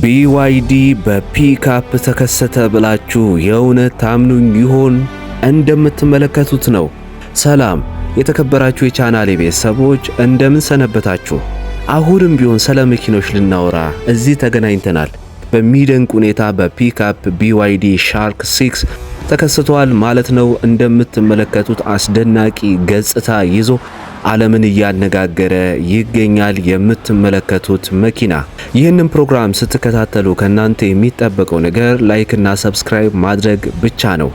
ቢዋይዲ በፒካፕ ተከሰተ ብላችሁ የእውነት ታምኑኝ ይሆን? እንደምትመለከቱት ነው። ሰላም የተከበራችሁ የቻናሌ ቤተሰቦች እንደምን ሰነበታችሁ? አሁንም ቢሆን ስለ መኪኖች ልናወራ እዚህ ተገናኝተናል። በሚደንቅ ሁኔታ በፒካፕ ቢዋይዲ ሻርክ ሲክስ ተከስቷል ማለት ነው። እንደምትመለከቱት አስደናቂ ገጽታ ይዞ ዓለምን እያነጋገረ ይገኛል። የምትመለከቱት መኪና ይህንን ፕሮግራም ስትከታተሉ ከእናንተ የሚጠበቀው ነገር ላይክና ሰብስክራይብ ማድረግ ብቻ ነው።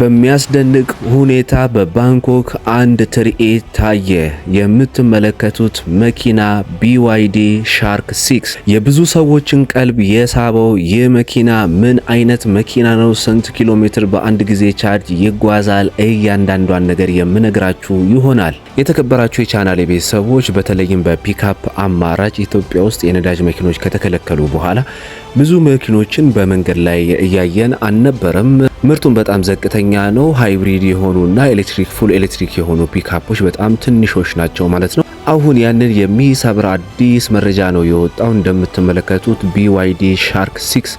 በሚያስደንቅ ሁኔታ በባንኮክ አንድ ትርኢት ታየ። የምትመለከቱት መኪና ቢዋይዲ ሻርክ ሲክስ የብዙ ሰዎችን ቀልብ የሳበው ይህ መኪና ምን አይነት መኪና ነው? ስንት ኪሎ ሜትር በአንድ ጊዜ ቻርጅ ይጓዛል? እያንዳንዷን ነገር የምነግራችሁ ይሆናል። የተከበራቸው የቻናል ቤተሰቦች በተለይም በፒካፕ አማራጭ ኢትዮጵያ ውስጥ የነዳጅ መኪኖች ከተከለከሉ በኋላ ብዙ መኪኖችን በመንገድ ላይ እያየን አልነበረም። ምርቱን በጣም ዘቅተኛ ነው። ሃይብሪድ የሆኑና ኤሌክትሪክ ፉል ኤሌክትሪክ የሆኑ ፒካፖች በጣም ትንሾች ናቸው ማለት ነው። አሁን ያንን የሚሰብር አዲስ መረጃ ነው የወጣው። እንደምትመለከቱት ቢዋይዲ ሻርክ ሲክስ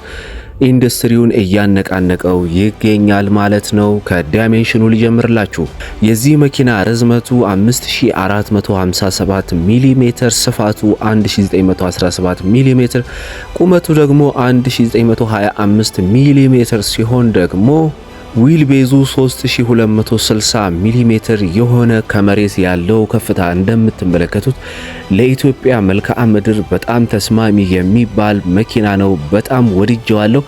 ኢንዱስትሪውን እያነቃነቀው ይገኛል ማለት ነው። ከዳይሜንሽኑ ልጀምርላችሁ። የዚህ መኪና ርዝመቱ 5457 ሚሜ፣ ስፋቱ 1917 ሚሜ፣ ቁመቱ ደግሞ 1925 ሚሜ ሲሆን ደግሞ ዊል ቤዙ 3260 ሚሜ የሆነ ከመሬት ያለው ከፍታ እንደምትመለከቱት ለኢትዮጵያ መልክዓ ምድር በጣም ተስማሚ የሚባል መኪና ነው። በጣም ወድጀዋለሁ።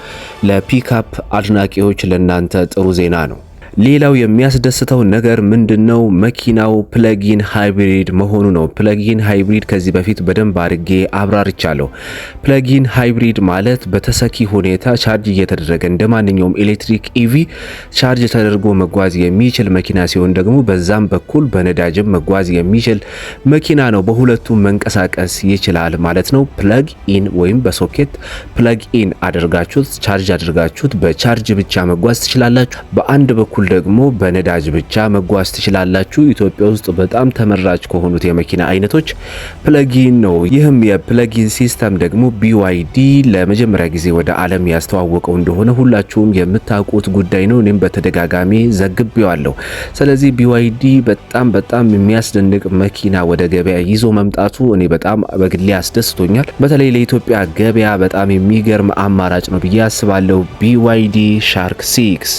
ለፒካፕ አድናቂዎች ለእናንተ ጥሩ ዜና ነው። ሌላው የሚያስደስተው ነገር ምንድነው? መኪናው ፕለጊን ሃይብሪድ መሆኑ ነው። ፕለጊን ሃይብሪድ ከዚህ በፊት በደንብ አድርጌ አብራርቻለሁ። ፕለጊን ሃይብሪድ ማለት በተሰኪ ሁኔታ ቻርጅ እየተደረገ እንደ ማንኛውም ኤሌክትሪክ ኢቪ e ቻርጅ ተደርጎ መጓዝ የሚችል መኪና ሲሆን ደግሞ በዛም በኩል በነዳጅም መጓዝ የሚችል መኪና ነው። በሁለቱም መንቀሳቀስ ይችላል ማለት ነው። ፕለግ ኢን ወይም በሶኬት ፕለግ ኢን አድርጋችሁት ቻርጅ አድርጋችሁት በቻርጅ ብቻ መጓዝ ትችላላችሁ። በአንድ በኩል በኩል ደግሞ በነዳጅ ብቻ መጓዝ ትችላላችሁ። ኢትዮጵያ ውስጥ በጣም ተመራጭ ከሆኑት የመኪና አይነቶች ፕለጊን ነው። ይህም የፕለጊን ሲስተም ደግሞ ቢዋይዲ ለመጀመሪያ ጊዜ ወደ ዓለም ያስተዋወቀው እንደሆነ ሁላችሁም የምታውቁት ጉዳይ ነው። እኔም በተደጋጋሚ ዘግቤዋለሁ። ስለዚህ ቢዋይዲ በጣም በጣም የሚያስደንቅ መኪና ወደ ገበያ ይዞ መምጣቱ እኔ በጣም በግሌ አስደስቶኛል። በተለይ ለኢትዮጵያ ገበያ በጣም የሚገርም አማራጭ ነው ብዬ አስባለሁ። ቢዋይዲ ሻርክ ሲክስ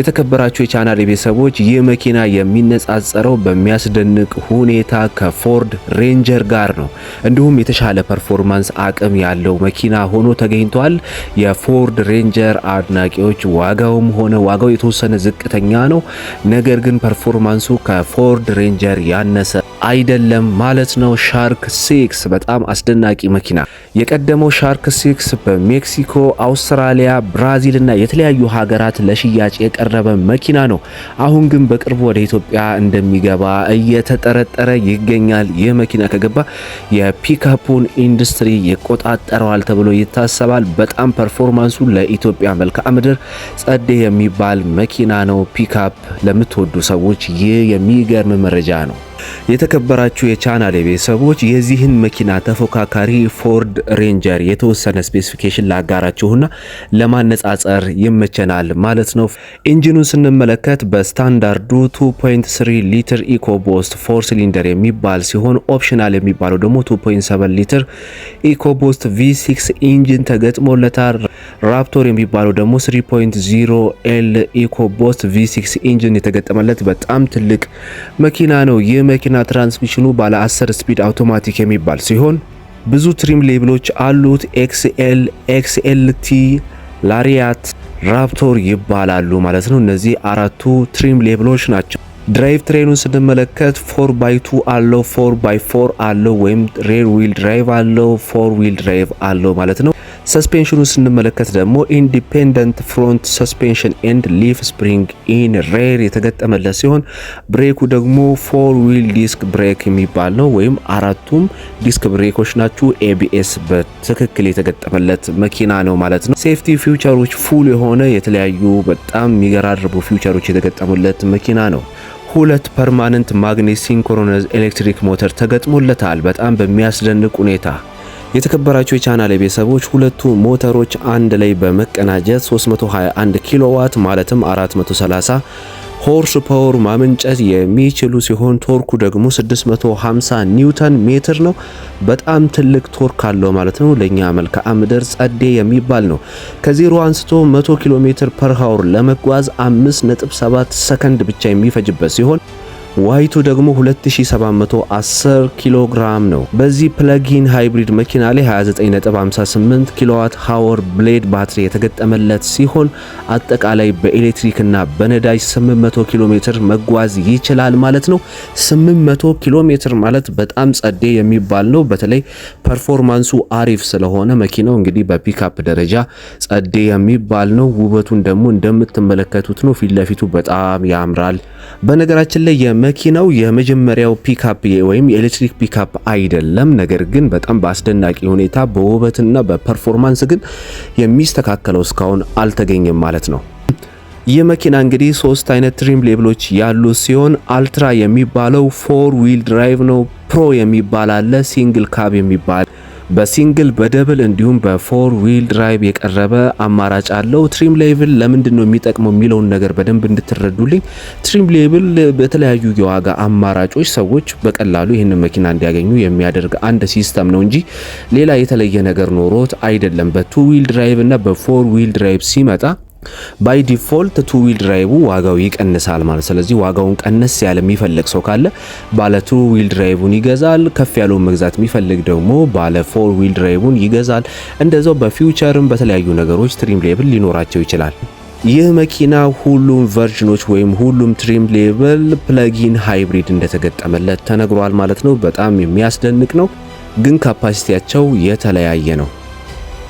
የተከበራቸው የቻናል ቤተሰቦች ይህ መኪና የሚነጻጸረው በሚያስደንቅ ሁኔታ ከፎርድ ሬንጀር ጋር ነው። እንዲሁም የተሻለ ፐርፎርማንስ አቅም ያለው መኪና ሆኖ ተገኝቷል። የፎርድ ሬንጀር አድናቂዎች ዋጋውም ሆነ ዋጋው የተወሰነ ዝቅተኛ ነው፣ ነገር ግን ፐርፎርማንሱ ከፎርድ ሬንጀር ያነሰ አይደለም ማለት ነው። ሻርክ ሲክስ በጣም አስደናቂ መኪና። የቀደመው ሻርክ ሲክስ በሜክሲኮ፣ አውስትራሊያ፣ ብራዚል እና የተለያዩ ሀገራት ለሽያጭ የቀረበ መኪና ነው። አሁን ግን በቅርቡ ወደ ኢትዮጵያ እንደሚገባ እየተጠረጠረ ይገኛል። ይህ መኪና ከገባ የፒካፑን ኢንዱስትሪ ይቆጣጠረዋል ተብሎ ይታሰባል። በጣም ፐርፎርማንሱ ለኢትዮጵያ መልክዓ ምድር ጸዴ የሚባል መኪና ነው። ፒካፕ ለምትወዱ ሰዎች ይህ የሚገርም መረጃ ነው። የተከበራችሁ የቻናል ቤተሰቦች የዚህን መኪና ተፎካካሪ ፎርድ ሬንጀር የተወሰነ ስፔሲፊኬሽን ላጋራችሁና ለማነጻጸር ይመቸናል ማለት ነው። ኢንጂኑን ስንመለከት በስታንዳርዱ 2.3 ሊትር ኢኮቦስት ፎር ሲሊንደር የሚባል ሲሆን ኦፕሽናል የሚባለው ደግሞ 2.7 ሊትር ኢኮቦስት ቪ6 ኢንጂን ተገጥሞለታል። ራፕቶር የሚባለው ደግሞ 3.0 ኢኮ ቦስት ቪ6 ኢንጂን የተገጠመለት በጣም ትልቅ መኪና ነው። ይህ መኪና ትራንስሚሽኑ ባለ 10 ስፒድ አውቶማቲክ የሚባል ሲሆን ብዙ ትሪም ሌብሎች አሉት። ኤክስኤል፣ ኤክስኤልቲ፣ ላሪያት፣ ራፕቶር ይባላሉ ማለት ነው። እነዚህ አራቱ ትሪም ሌብሎች ናቸው። ድራይቭ ትሬኑን ስንመለከት 4 ባይ 2 አለው 4 ባይ 4 አለው ወይም ሬር ዊል ድራይቭ አለው 4 ዊል ድራይቭ አለው ማለት ነው። ሰስፔንሽኑ ስንመለከት ደግሞ ኢንዲፔንደንት ፍሮንት ሰስፔንሽን ኤንድ ሊፍ ስፕሪንግ ኢን ሬር የተገጠመለት ሲሆን ብሬኩ ደግሞ ፎር ዊል ዲስክ ብሬክ የሚባል ነው። ወይም አራቱም ዲስክ ብሬኮች ናችሁ። ኤቢኤስ በትክክል የተገጠመለት መኪና ነው ማለት ነው። ሴፍቲ ፊውቸሮች ፉል የሆነ የተለያዩ በጣም የሚገራርቡ ፊውቸሮች የተገጠሙለት መኪና ነው። ሁለት ፐርማነንት ማግኔት ሲንክሮነስ ኤሌክትሪክ ሞተር ተገጥሞለታል በጣም በሚያስደንቅ ሁኔታ የተከበራቸው የቻናል ቤተሰቦች ሁለቱ ሞተሮች አንድ ላይ በመቀናጀት 321 ኪሎዋት ማለትም 430 ሆርስ ፓወር ማመንጨት የሚችሉ ሲሆን ቶርኩ ደግሞ 650 ኒውተን ሜትር ነው። በጣም ትልቅ ቶርክ አለው ማለት ነው። ለኛ መልክዓ ምድር ጸዴ የሚባል ነው። ከዜሮ አንስቶ 100 ኪሎ ሜትር ፐር ሃውር ለመጓዝ 5.7 ሰከንድ ብቻ የሚፈጅበት ሲሆን ዋይቱ ደግሞ 2710 ኪሎ ግራም ነው። በዚህ ፕለጊን ሃይብሪድ መኪና ላይ 29.58 ኪሎዋት ሃወር ብሌድ ባትሪ የተገጠመለት ሲሆን አጠቃላይ እና በነዳጅ 800 ኪሎ ሜትር መጓዝ ይችላል ማለት ነው። 800 ኪሎ ሜትር ማለት በጣም ጸዴ የሚባል ነው። በተለይ ፐርፎርማንሱ አሪፍ ስለሆነ መኪናው እንግዲህ በፒካፕ ደረጃ ጸዴ የሚባል ነው። ውበቱን ደግሞ እንደምትመለከቱት ነው። ፊት ለፊቱ በጣም ያምራል። በነገራችን ላይ መኪናው የመጀመሪያው ፒካፕ ወይም የኤሌክትሪክ ፒካፕ አይደለም። ነገር ግን በጣም በአስደናቂ ሁኔታ በውበትና በፐርፎርማንስ ግን የሚስተካከለው እስካሁን አልተገኘም ማለት ነው። ይህ መኪና እንግዲህ ሶስት አይነት ትሪም ሌብሎች ያሉ ሲሆን አልትራ የሚባለው ፎር ዊል ድራይቭ ነው። ፕሮ የሚባል አለ፣ ሲንግል ካብ የሚባል በሲንግል በደብል እንዲሁም በፎር ዊል ድራይቭ የቀረበ አማራጭ አለው። ትሪም ሌብል ለምንድን ነው የሚጠቅመው የሚለውን ነገር በደንብ እንድትረዱልኝ፣ ትሪም ሌብል በተለያዩ የዋጋ አማራጮች ሰዎች በቀላሉ ይህንን መኪና እንዲያገኙ የሚያደርግ አንድ ሲስተም ነው እንጂ ሌላ የተለየ ነገር ኖሮት አይደለም። በቱ ዊል ድራይቭ እና በፎር ዊል ድራይቭ ሲመጣ ባይ ዲፎልት ቱ ዊል ድራይቡ ዋጋው ይቀንሳል ማለት። ስለዚህ ዋጋውን ቀነስ ያለ የሚፈልግ ሰው ካለ ባለ ቱ ዊል ድራይቡን ይገዛል። ከፍ ያለውን መግዛት የሚፈልግ ደግሞ ባለ ፎር ዊል ድራይቭን ይገዛል። እንደዛው በፊውቸርም በተለያዩ ነገሮች ትሪም ሌብል ሊኖራቸው ይችላል። ይህ መኪና ሁሉም ቨርዥኖች ወይም ሁሉም ትሪም ሌብል ፕለጊን ሃይብሪድ እንደተገጠመለት ተነግሯል ማለት ነው። በጣም የሚያስደንቅ ነው፣ ግን ካፓሲቲያቸው የተለያየ ነው።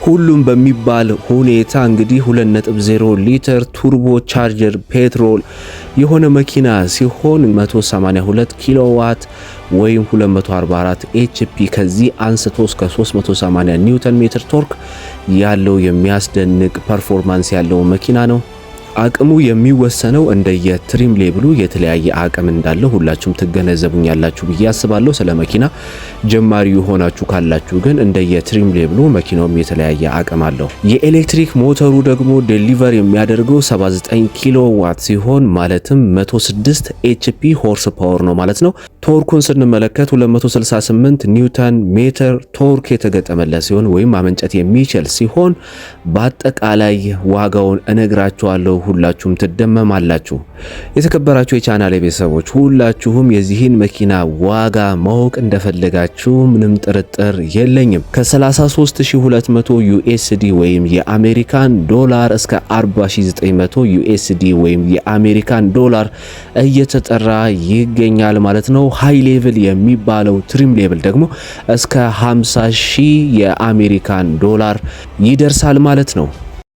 ሁሉም በሚባል ሁኔታ እንግዲህ 2.0 ሊትር ቱርቦ ቻርጀር ፔትሮል የሆነ መኪና ሲሆን 182 ኪሎዋት ወይም 244 ኤችፒ ከዚህ አንስቶ እስከ 380 ኒውተን ሜትር ቶርክ ያለው የሚያስደንቅ ፐርፎርማንስ ያለው መኪና ነው። አቅሙ የሚወሰነው እንደየ ትሪም ሌብሉ የተለያየ አቅም እንዳለው ሁላችሁም ትገነዘቡኛላችሁ ብዬ አስባለሁ። ስለ መኪና ጀማሪ የሆናችሁ ካላችሁ ግን እንደየ ትሪም ሌብሉ መኪናውም የተለያየ አቅም አለው። የኤሌክትሪክ ሞተሩ ደግሞ ዴሊቨር የሚያደርገው 79 ኪሎ ዋት ሲሆን ማለትም 106 ኤችፒ ሆርስ ፓወር ነው ማለት ነው። ቶርኩን ስንመለከት 268 ኒውተን ሜትር ቶርክ የተገጠመለት ሲሆን ወይም ማመንጨት የሚችል ሲሆን በአጠቃላይ ዋጋውን እነግራችኋለሁ ሁላችሁም ትደመማላችሁ። የተከበራችሁ የቻናል ቤተሰቦች ሁላችሁም የዚህን መኪና ዋጋ ማወቅ እንደፈለጋችሁ ምንም ጥርጥር የለኝም። ከ33200 ዩኤስዲ ወይም የአሜሪካን ዶላር እስከ 40900 ዩኤስዲ ወይም የአሜሪካን ዶላር እየተጠራ ይገኛል ማለት ነው። ሃይ ሌቭል የሚባለው ትሪም ሌቭል ደግሞ እስከ 50 የአሜሪካን ዶላር ይደርሳል ማለት ነው።